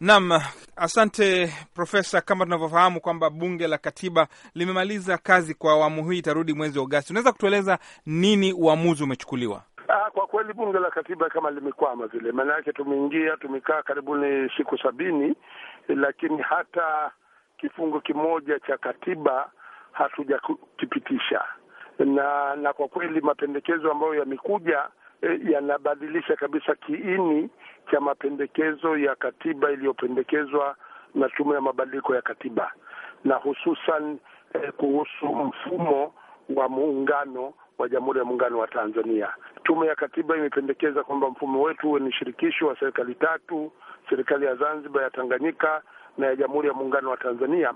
Nam, asante Profesa. Kama tunavyofahamu kwamba bunge la katiba limemaliza kazi kwa awamu hii, itarudi mwezi wa Agosti. Unaweza kutueleza nini uamuzi umechukuliwa? Aa, ah, kwa kweli bunge la katiba kama limekwama vile, maana yake tumeingia, tumekaa karibuni siku sabini, lakini hata kifungu kimoja cha katiba hatujakipitisha, na na kwa kweli mapendekezo ambayo yamekuja Eh, yanabadilisha kabisa kiini cha mapendekezo ya katiba iliyopendekezwa na Tume ya Mabadiliko ya Katiba na hususan eh, kuhusu mfumo wa muungano wa Jamhuri ya Muungano wa Tanzania. Tume ya Katiba imependekeza kwamba mfumo wetu huwe ni shirikishi wa serikali tatu, serikali ya Zanzibar, ya Tanganyika na ya Jamhuri ya Muungano wa Tanzania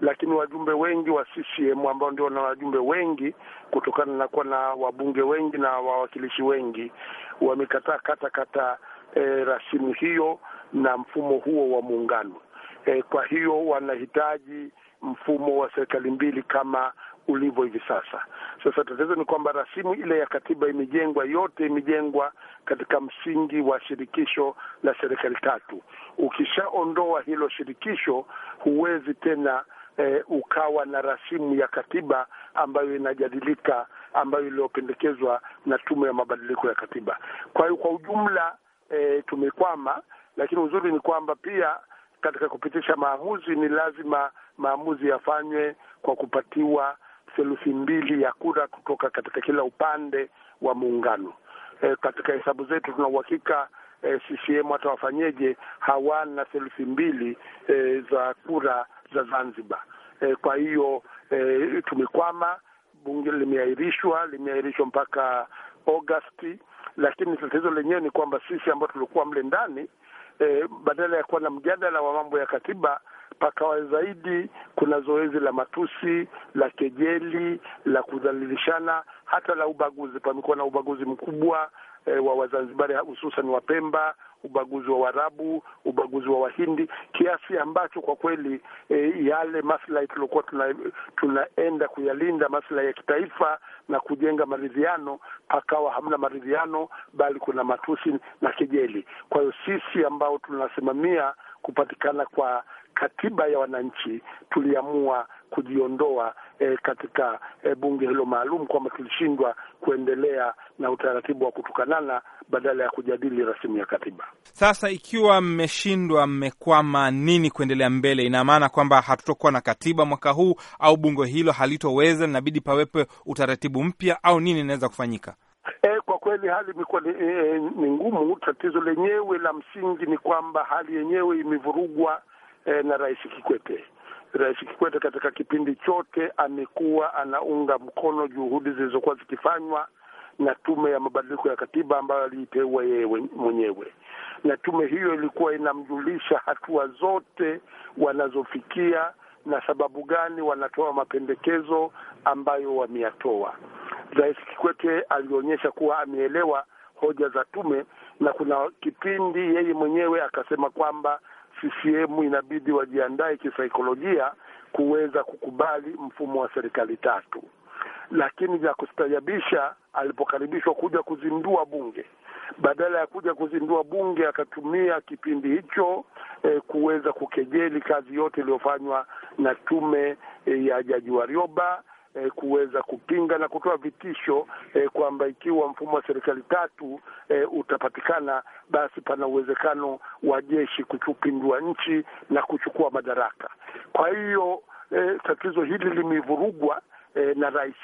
lakini wajumbe wengi wa CCM ambao ndio na wajumbe wengi kutokana na kuwa na wabunge wengi na wawakilishi wengi wamekataa kata kata e, rasimu hiyo na mfumo huo wa muungano. E, kwa hiyo wanahitaji mfumo wa serikali mbili kama ulivyo hivi sasa. Sasa tatizo ni kwamba rasimu ile ya katiba imejengwa, yote imejengwa katika msingi wa shirikisho la serikali tatu. Ukishaondoa hilo shirikisho, huwezi tena eh, ukawa na rasimu ya katiba ambayo inajadilika, ambayo iliyopendekezwa na tume ya mabadiliko ya katiba. Kwa hiyo kwa ujumla eh, tumekwama, lakini uzuri ni kwamba pia katika kupitisha maamuzi ni lazima maamuzi yafanywe kwa kupatiwa theluthi mbili ya kura kutoka katika kila upande wa muungano. E, katika hesabu zetu tuna uhakika e, CCM hata wafanyeje hawana theluthi mbili e, za kura za Zanzibar. E, kwa hiyo e, tumekwama. Bunge limeahirishwa, limeahirishwa mpaka Agosti, lakini tatizo lenyewe ni kwamba sisi ambao tulikuwa mle ndani e, badala ya kuwa na mjadala wa mambo ya katiba Pakawa zaidi kuna zoezi la matusi, la kejeli, la kudhalilishana, hata la ubaguzi. Pamekuwa na ubaguzi mkubwa e, wa Wazanzibari hususan Wapemba, ubaguzi wa warabu ubaguzi wa Wahindi, kiasi ambacho kwa kweli e, yale maslahi tuliokuwa tuna, tunaenda kuyalinda maslahi ya kitaifa na kujenga maridhiano, pakawa hamna maridhiano, bali kuna matusi na kejeli. Kwa hiyo sisi ambao tunasimamia kupatikana kwa katiba ya wananchi tuliamua kujiondoa e, katika e, bunge hilo maalum, kwamba tulishindwa kuendelea na utaratibu wa kutukanana badala ya kujadili rasimu ya katiba. Sasa ikiwa mmeshindwa, mmekwama nini kuendelea mbele? Ina maana kwamba hatutokuwa na katiba mwaka huu au bunge hilo halitoweza, inabidi pawepe utaratibu mpya au nini inaweza kufanyika? E, kwa kweli hali imekuwa ni e, ngumu. Tatizo lenyewe la msingi ni kwamba hali yenyewe imevurugwa eh, na Rais Kikwete. Rais Kikwete katika kipindi chote amekuwa anaunga mkono juhudi zilizokuwa zikifanywa na tume ya mabadiliko ya katiba ambayo aliiteua yeye mwenyewe, na tume hiyo ilikuwa inamjulisha hatua zote wanazofikia na sababu gani wanatoa mapendekezo ambayo wameyatoa. Rais Kikwete alionyesha kuwa ameelewa hoja za tume, na kuna kipindi yeye mwenyewe akasema kwamba CCM inabidi wajiandae kisaikolojia kuweza kukubali mfumo wa serikali tatu. Lakini vya kustajabisha, alipokaribishwa kuja kuzindua bunge, badala ya kuja kuzindua bunge akatumia kipindi hicho eh, kuweza kukejeli kazi yote iliyofanywa na tume eh, ya Jaji Warioba eh, kuweza kupinga na kutoa vitisho eh, kwamba ikiwa mfumo wa serikali tatu eh, utapatikana, basi pana uwezekano wa jeshi kupindua nchi na kuchukua madaraka. Kwa hiyo eh, tatizo hili limevurugwa eh, na rais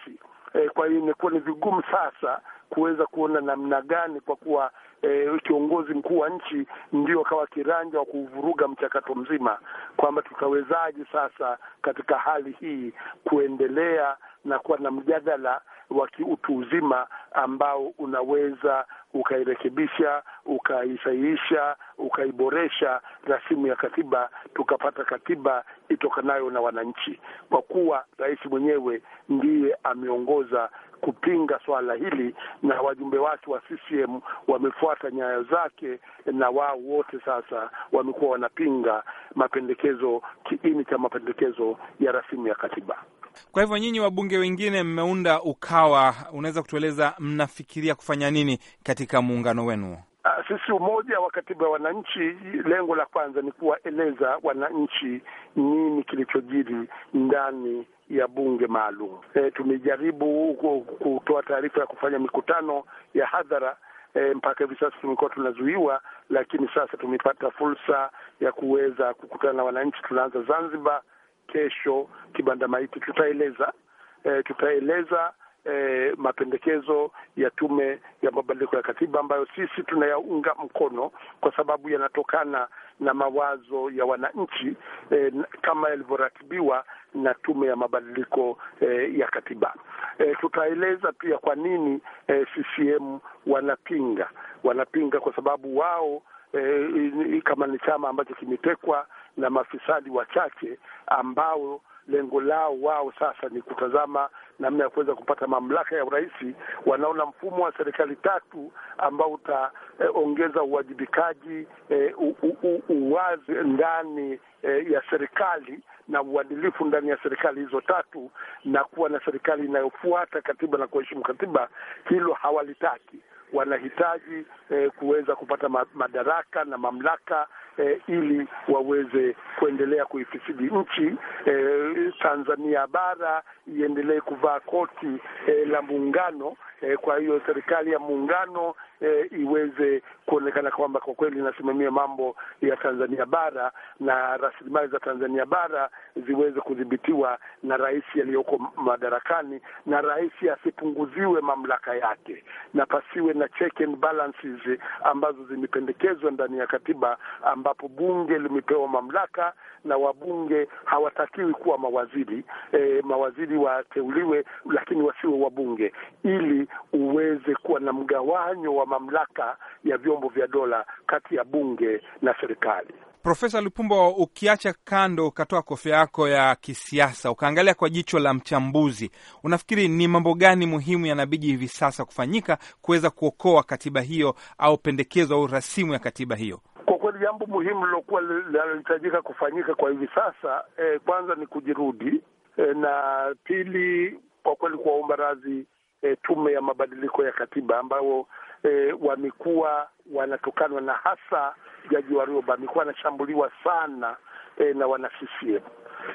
eh, kwa hiyo imekuwa ni vigumu sasa kuweza kuona namna gani, kwa kuwa e, kiongozi mkuu wa nchi ndio akawa kiranja wa kuvuruga mchakato mzima, kwamba tutawezaje sasa katika hali hii kuendelea na kuwa na mjadala wa kiutu uzima ambao unaweza ukairekebisha, ukaisahihisha, ukaiboresha rasimu ya katiba, tukapata katiba itokanayo na wananchi, kwa kuwa rais mwenyewe ndiye ameongoza kupinga swala hili na wajumbe wake wa CCM wamefuata nyayo zake, na wao wote sasa wamekuwa wanapinga mapendekezo, kiini cha mapendekezo ya rasimu ya katiba. Kwa hivyo nyinyi wabunge wengine mmeunda Ukawa, unaweza kutueleza mnafikiria kufanya nini katika muungano wenu? Ah, sisi Umoja wa Katiba ya Wananchi, lengo la kwanza ni kuwaeleza wananchi nini kilichojiri ndani ya bunge maalum. E, tumejaribu kutoa taarifa ya kufanya mikutano ya hadhara e, mpaka hivi sasa tumekuwa tunazuiwa, lakini sasa tumepata fursa ya kuweza kukutana na wananchi. Tunaanza Zanzibar kesho kibanda maiti tutaeleza e, tutaeleza e, mapendekezo ya Tume ya Mabadiliko ya Katiba ambayo sisi tunayaunga mkono kwa sababu yanatokana na mawazo ya wananchi e, kama yalivyoratibiwa na Tume ya Mabadiliko e, ya Katiba. E, tutaeleza pia kwa nini e, CCM wanapinga wanapinga kwa sababu wao E, kama ni chama ambacho kimetekwa na mafisadi wachache ambao lengo lao wao sasa ni kutazama namna ya kuweza kupata mamlaka ya urais. Wanaona mfumo wa serikali tatu ambao utaongeza eh, uwajibikaji eh, uwazi ndani eh, ya serikali na uadilifu ndani ya serikali hizo tatu, na kuwa na serikali inayofuata katiba na kuheshimu katiba, hilo hawalitaki wanahitaji eh, kuweza kupata madaraka na mamlaka eh, ili waweze kuendelea kuifisidi nchi eh, Tanzania bara iendelee kuvaa koti eh, la muungano eh, kwa hiyo serikali ya muungano e, iweze kuonekana kwamba kwa kweli inasimamia mambo ya Tanzania bara na rasilimali za Tanzania bara ziweze kudhibitiwa na rais aliyoko madarakani, na rais asipunguziwe mamlaka yake, na pasiwe na check and balances ambazo zimependekezwa ndani ya katiba, ambapo bunge limepewa mamlaka na wabunge hawatakiwi kuwa mawaziri. E, mawaziri wateuliwe, lakini wasiwe wabunge, ili uweze kuwa na mgawanyo wa mamlaka ya vyombo vya dola kati ya bunge na serikali. Profesa Lipumba, ukiacha kando ukatoa kofia yako ya kisiasa ukaangalia kwa jicho la mchambuzi, unafikiri ni mambo gani muhimu yanabidi hivi sasa kufanyika kuweza kuokoa katiba hiyo au pendekezo au rasimu ya katiba hiyo? Kwa kweli jambo muhimu lilokuwa linalohitajika kufanyika kwa hivi sasa eh, kwanza ni kujirudi eh, na pili kwa kweli kuwaomba radhi eh, tume ya mabadiliko ya katiba ambayo e, wamekuwa wanatokanwa na hasa Jaji Warioba amekuwa anashambuliwa sana e, na wana CCM.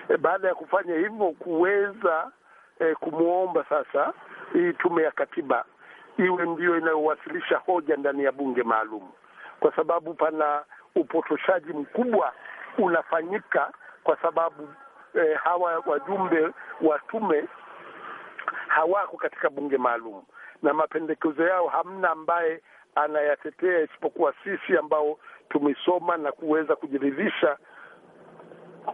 E, baada ya kufanya hivyo kuweza e, kumwomba sasa hii tume ya katiba iwe ndiyo inayowasilisha hoja ndani ya bunge maalum, kwa sababu pana upotoshaji mkubwa unafanyika kwa sababu e, hawa wajumbe wa tume hawako katika bunge maalum na mapendekezo yao hamna ambaye anayatetea isipokuwa sisi ambao tumesoma na kuweza kujiridhisha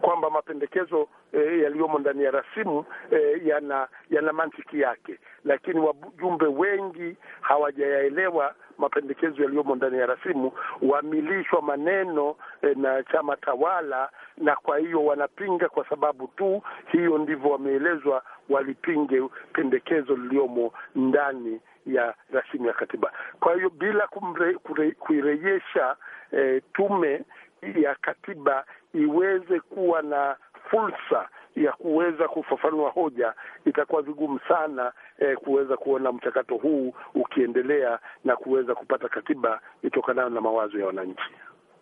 kwamba mapendekezo eh, yaliyomo ndani ya rasimu eh, yana yana mantiki yake, lakini wajumbe wengi hawajayaelewa mapendekezo yaliyomo ndani ya rasimu. Wamilishwa maneno eh, na chama tawala, na kwa hiyo wanapinga kwa sababu tu hiyo ndivyo wameelezwa walipinge pendekezo liliyomo ndani ya rasimu ya katiba. Kwa hiyo bila kumre, kure, kuirejesha eh, tume ya katiba iweze kuwa na fursa ya kuweza kufafanua hoja itakuwa vigumu sana eh, kuweza kuona mchakato huu ukiendelea na kuweza kupata katiba itokanayo na mawazo ya wananchi.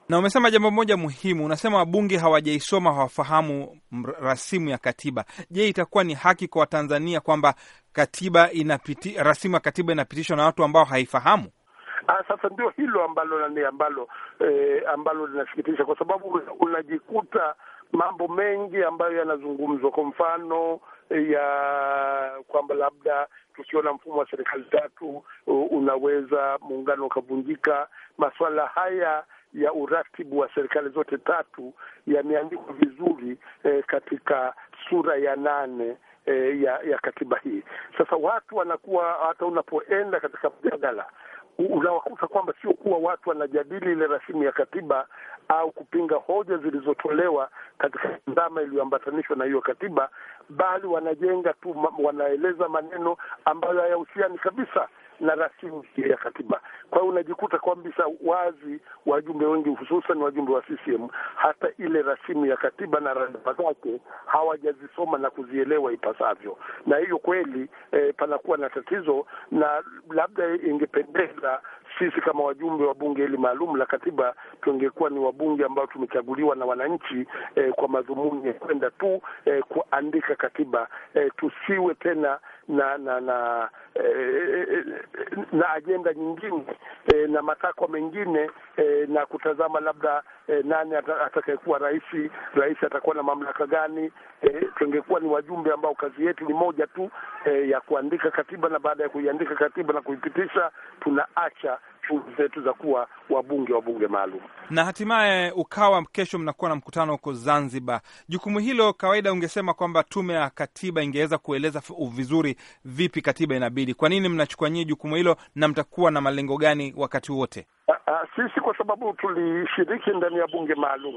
Na umesema jambo moja muhimu, unasema wabunge hawajaisoma, hawafahamu rasimu ya katiba. Je, itakuwa ni haki kwa Watanzania kwamba katiba inapiti, rasimu ya katiba inapitishwa na watu ambao haifahamu? Aa, ah, sasa ndio hilo ambalo nani ambalo eh, ambalo linasikitisha kwa sababu unajikuta mambo mengi ambayo yanazungumzwa, kwa mfano eh, ya kwamba labda tukiona mfumo wa serikali tatu unaweza muungano ukavunjika. Masuala haya ya uratibu wa serikali zote tatu yameandikwa vizuri eh, katika sura ya nane eh, ya, ya katiba hii. Sasa watu wanakuwa hata unapoenda katika mjadala unawakuta kwamba sio kuwa watu wanajadili ile rasimu ya katiba au kupinga hoja zilizotolewa katika ndama iliyoambatanishwa na hiyo katiba, bali wanajenga tu, wanaeleza maneno ambayo hayahusiani kabisa na rasimu ya katiba. Kwa hiyo unajikuta kwambisa wazi wajumbe wengi hususan wajumbe wa CCM hata ile rasimu ya katiba na rasiba zake hawajazisoma na kuzielewa ipasavyo, na hiyo kweli eh, panakuwa na tatizo, na labda ingependeza sisi kama wajumbe wa bunge hili maalum la katiba tungekuwa ni wabunge ambao tumechaguliwa na wananchi eh, kwa madhumuni ya kwenda tu eh, kuandika katiba eh, tusiwe tena na na na e, na ajenda nyingine e, na matakwa mengine e, na kutazama labda e, nani atakayekuwa rais, rais atakuwa na mamlaka gani? E, tungekuwa ni wajumbe ambao kazi yetu ni moja tu e, ya kuandika katiba, na baada ya kuiandika katiba na kuipitisha tunaacha nguvu zetu za kuwa wabunge wa bunge maalum. Na hatimaye ukawa kesho mnakuwa na mkutano huko Zanzibar. Jukumu hilo kawaida, ungesema kwamba tume ya katiba ingeweza kueleza vizuri vipi katiba inabidi. Kwa nini mnachukua nyie jukumu hilo, na mtakuwa na malengo gani wakati wote? Sisi kwa sababu tulishiriki ndani ya bunge maalum,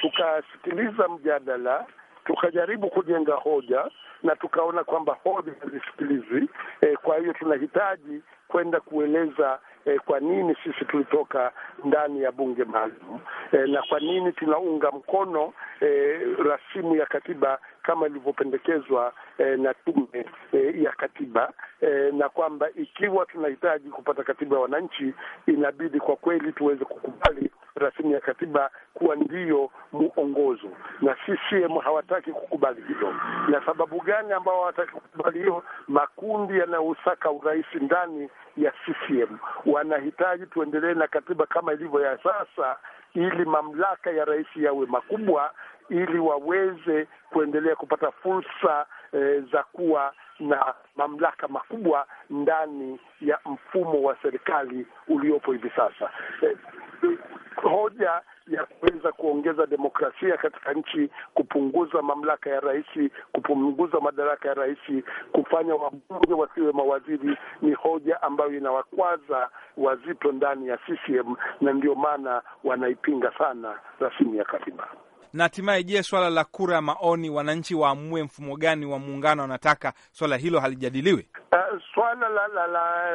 tukasikiliza mjadala tukajaribu kujenga hoja na tukaona kwamba hoja hazisikilizwi. E, kwa hiyo tunahitaji kwenda kueleza eh, kwa nini sisi tulitoka ndani ya bunge maalum eh, na kwa nini tunaunga mkono eh, rasimu ya katiba kama ilivyopendekezwa eh, na tume eh, ya katiba eh, na kwamba ikiwa tunahitaji kupata katiba ya wananchi, inabidi kwa kweli tuweze kukubali rasimu ya katiba kuwa ndiyo muongozo, na CCM hawataki kukubali hilo. Na sababu gani ambao hawataki kukubali hiyo? Makundi yanayousaka urais ndani ya CCM wanahitaji tuendelee na katiba kama ilivyo ya sasa, ili mamlaka ya rais yawe makubwa ili waweze kuendelea kupata fursa e, za kuwa na mamlaka makubwa ndani ya mfumo wa serikali uliopo hivi sasa. E, hoja ya kuweza kuongeza demokrasia katika nchi, kupunguza mamlaka ya rais, kupunguza madaraka ya rais, kufanya wabunge wasiwe mawaziri ni hoja ambayo inawakwaza wazito ndani ya CCM, na ndio maana wanaipinga sana rasimu ya katiba. Na hatimaye, je, swala la kura ya maoni, wananchi waamue mfumo gani wa muungano wanataka, swala hilo halijadiliwe Uh, swala la, la, la,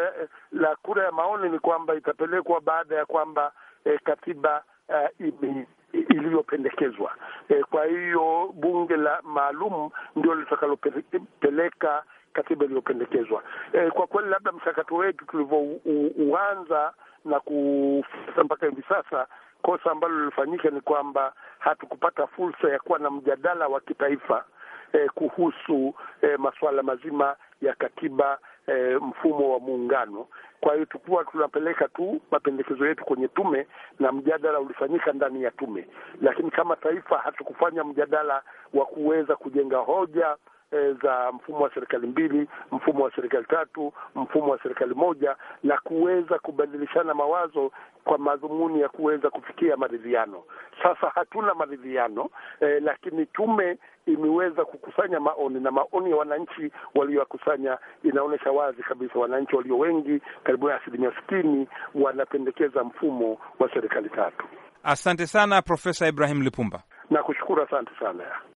la kura ya maoni ni kwamba itapelekwa baada ya kwamba eh, katiba uh, imi iliyopendekezwa e. Kwa hiyo bunge la maalum ndio litakalopeleka katiba iliyopendekezwa e. Kwa kweli, labda mchakato wetu tulivyouanza na kufuata mpaka hivi sasa kosa ambalo lilifanyika ni kwamba hatukupata fursa ya kuwa na mjadala wa kitaifa eh, kuhusu eh, masuala mazima ya katiba eh, mfumo wa muungano. Kwa hiyo tukuwa tunapeleka tu mapendekezo yetu kwenye tume na mjadala ulifanyika ndani ya tume, lakini kama taifa hatukufanya mjadala wa kuweza kujenga hoja e, za mfumo wa serikali mbili, mfumo wa serikali tatu, mfumo wa serikali moja, na kuweza kubadilishana mawazo kwa madhumuni ya kuweza kufikia maridhiano. Sasa hatuna maridhiano e, lakini tume imeweza kukusanya maoni na maoni ya wananchi walioyakusanya inaonyesha wazi kabisa, wananchi walio wengi, karibu ya asilimia sitini, wanapendekeza mfumo wa serikali tatu. Asante sana Profesa Ibrahim Lipumba, nakushukuru. Asante sana.